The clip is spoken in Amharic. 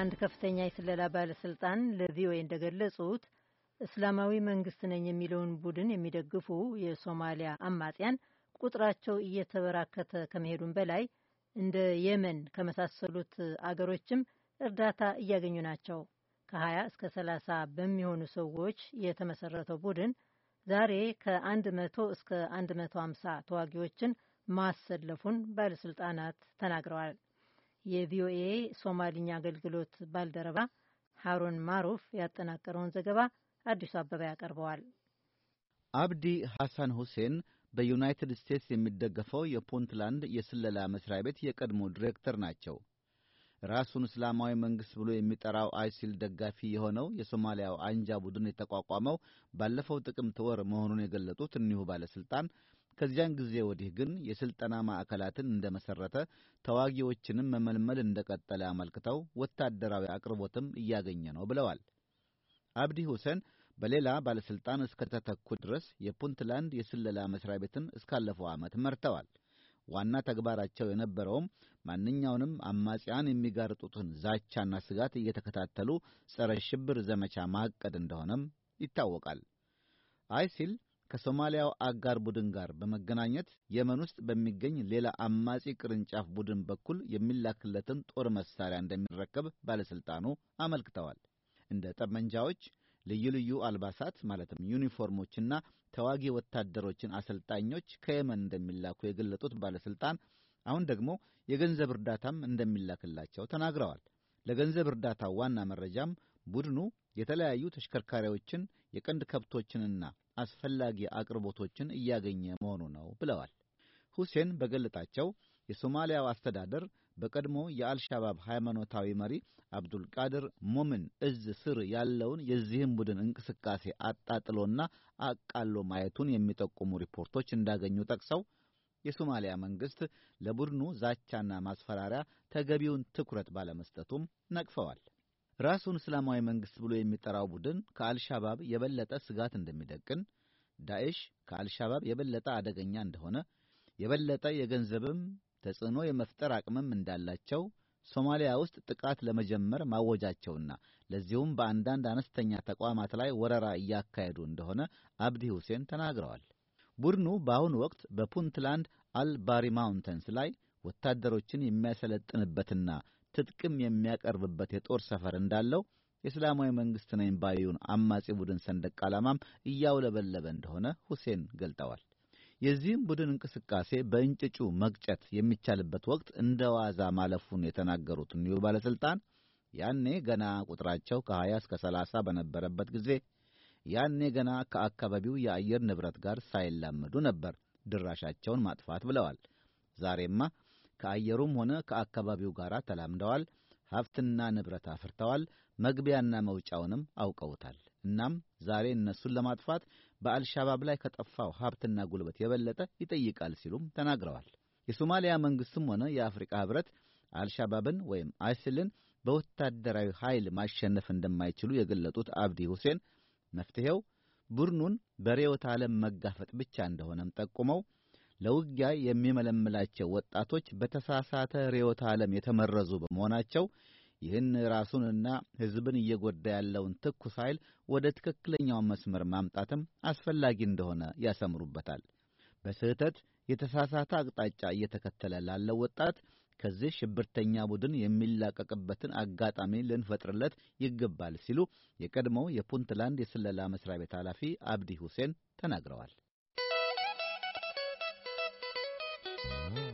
አንድ ከፍተኛ የስለላ ባለስልጣን ለቪኦኤ እንደገለጹት እስላማዊ መንግስት ነኝ የሚለውን ቡድን የሚደግፉ የሶማሊያ አማጽያን ቁጥራቸው እየተበራከተ ከመሄዱን በላይ እንደ የመን ከመሳሰሉት አገሮችም እርዳታ እያገኙ ናቸው። ከ20 እስከ 30 በሚሆኑ ሰዎች የተመሰረተው ቡድን ዛሬ ከ100 እስከ 150 ተዋጊዎችን ማሰለፉን ባለስልጣናት ተናግረዋል። የቪኦኤ ሶማሊኛ አገልግሎት ባልደረባ ሃሩን ማሩፍ ያጠናቀረውን ዘገባ አዲሱ አበባ ያቀርበዋል። አብዲ ሐሳን ሁሴን በዩናይትድ ስቴትስ የሚደገፈው የፑንትላንድ የስለላ መስሪያ ቤት የቀድሞ ዲሬክተር ናቸው። ራሱን እስላማዊ መንግሥት ብሎ የሚጠራው አይሲል ደጋፊ የሆነው የሶማሊያው አንጃ ቡድን የተቋቋመው ባለፈው ጥቅምት ወር መሆኑን የገለጡት እኒሁ ባለሥልጣን ከዚያን ጊዜ ወዲህ ግን የሥልጠና ማዕከላትን እንደመሠረተ ተዋጊዎችንም መመልመል እንደቀጠለ አመልክተው ወታደራዊ አቅርቦትም እያገኘ ነው ብለዋል። አብዲ ሁሴን በሌላ ባለሥልጣን ተተኩ ድረስ የፑንትላንድ የስለላ መሥሪያ ቤትን እስካለፈው ዓመት መርተዋል። ዋና ተግባራቸው የነበረውም ማንኛውንም አማጽያን የሚጋርጡትን ዛቻና ስጋት እየተከታተሉ ጸረ ሽብር ዘመቻ ማቀድ እንደሆነም ይታወቃል። አይሲል ከሶማሊያው አጋር ቡድን ጋር በመገናኘት የመን ውስጥ በሚገኝ ሌላ አማጺ ቅርንጫፍ ቡድን በኩል የሚላክለትን ጦር መሳሪያ እንደሚረከብ ባለሥልጣኑ አመልክተዋል። እንደ ጠመንጃዎች፣ ልዩ ልዩ አልባሳት ማለትም ዩኒፎርሞችና ተዋጊ ወታደሮችን አሰልጣኞች ከየመን እንደሚላኩ የገለጡት ባለሥልጣን አሁን ደግሞ የገንዘብ እርዳታም እንደሚላክላቸው ተናግረዋል። ለገንዘብ እርዳታው ዋና መረጃም ቡድኑ የተለያዩ ተሽከርካሪዎችን የቀንድ ከብቶችንና አስፈላጊ አቅርቦቶችን እያገኘ መሆኑ ነው ብለዋል። ሁሴን በገለጣቸው የሶማሊያው አስተዳደር በቀድሞ የአልሻባብ ሃይማኖታዊ መሪ አብዱልቃድር ሞምን እዝ ስር ያለውን የዚህም ቡድን እንቅስቃሴ አጣጥሎና አቃሎ ማየቱን የሚጠቁሙ ሪፖርቶች እንዳገኙ ጠቅሰው የሶማሊያ መንግስት ለቡድኑ ዛቻና ማስፈራሪያ ተገቢውን ትኩረት ባለመስጠቱም ነቅፈዋል። ራሱን እስላማዊ መንግሥት ብሎ የሚጠራው ቡድን ከአልሻባብ የበለጠ ስጋት እንደሚደቅን፣ ዳዕሽ ከአልሻባብ የበለጠ አደገኛ እንደሆነ፣ የበለጠ የገንዘብም ተጽዕኖ የመፍጠር አቅምም እንዳላቸው ሶማሊያ ውስጥ ጥቃት ለመጀመር ማወጃቸውና ለዚሁም በአንዳንድ አነስተኛ ተቋማት ላይ ወረራ እያካሄዱ እንደሆነ አብዲ ሁሴን ተናግረዋል። ቡድኑ በአሁኑ ወቅት በፑንትላንድ አልባሪ ማውንተንስ ላይ ወታደሮችን የሚያሰለጥንበትና ትጥቅም የሚያቀርብበት የጦር ሰፈር እንዳለው የእስላማዊ መንግሥት ነኝ ባዩን አማጺ ቡድን ሰንደቅ ዓላማም እያውለበለበ እንደሆነ ሁሴን ገልጠዋል። የዚህም ቡድን እንቅስቃሴ በእንጭጩ መግጨት የሚቻልበት ወቅት እንደ ዋዛ ማለፉን የተናገሩት እኒሁ ባለሥልጣን ያኔ ገና ቁጥራቸው ከ20 እስከ 30 በነበረበት ጊዜ ያኔ ገና ከአካባቢው የአየር ንብረት ጋር ሳይላመዱ ነበር ድራሻቸውን ማጥፋት ብለዋል። ዛሬማ ከአየሩም ሆነ ከአካባቢው ጋር ተላምደዋል። ሀብትና ንብረት አፍርተዋል። መግቢያና መውጫውንም አውቀውታል። እናም ዛሬ እነሱን ለማጥፋት በአልሻባብ ላይ ከጠፋው ሀብትና ጉልበት የበለጠ ይጠይቃል ሲሉም ተናግረዋል። የሶማሊያ መንግሥትም ሆነ የአፍሪቃ ህብረት አልሻባብን ወይም አይስልን በወታደራዊ ኃይል ማሸነፍ እንደማይችሉ የገለጡት አብዲ ሁሴን መፍትሔው ቡድኑን በርዕዮተ ዓለም መጋፈጥ ብቻ እንደሆነም ጠቁመው ለውጊያ የሚመለምላቸው ወጣቶች በተሳሳተ ርዕዮተ ዓለም የተመረዙ በመሆናቸው ይህን ራሱንና ሕዝብን እየጎዳ ያለውን ትኩስ ኃይል ወደ ትክክለኛው መስመር ማምጣትም አስፈላጊ እንደሆነ ያሰምሩበታል። በስህተት የተሳሳተ አቅጣጫ እየተከተለ ላለው ወጣት ከዚህ ሽብርተኛ ቡድን የሚላቀቅበትን አጋጣሚ ልንፈጥርለት ይገባል ሲሉ የቀድሞው የፑንትላንድ የስለላ መስሪያ ቤት ኃላፊ አብዲ ሁሴን ተናግረዋል። Bye. Mm-hmm.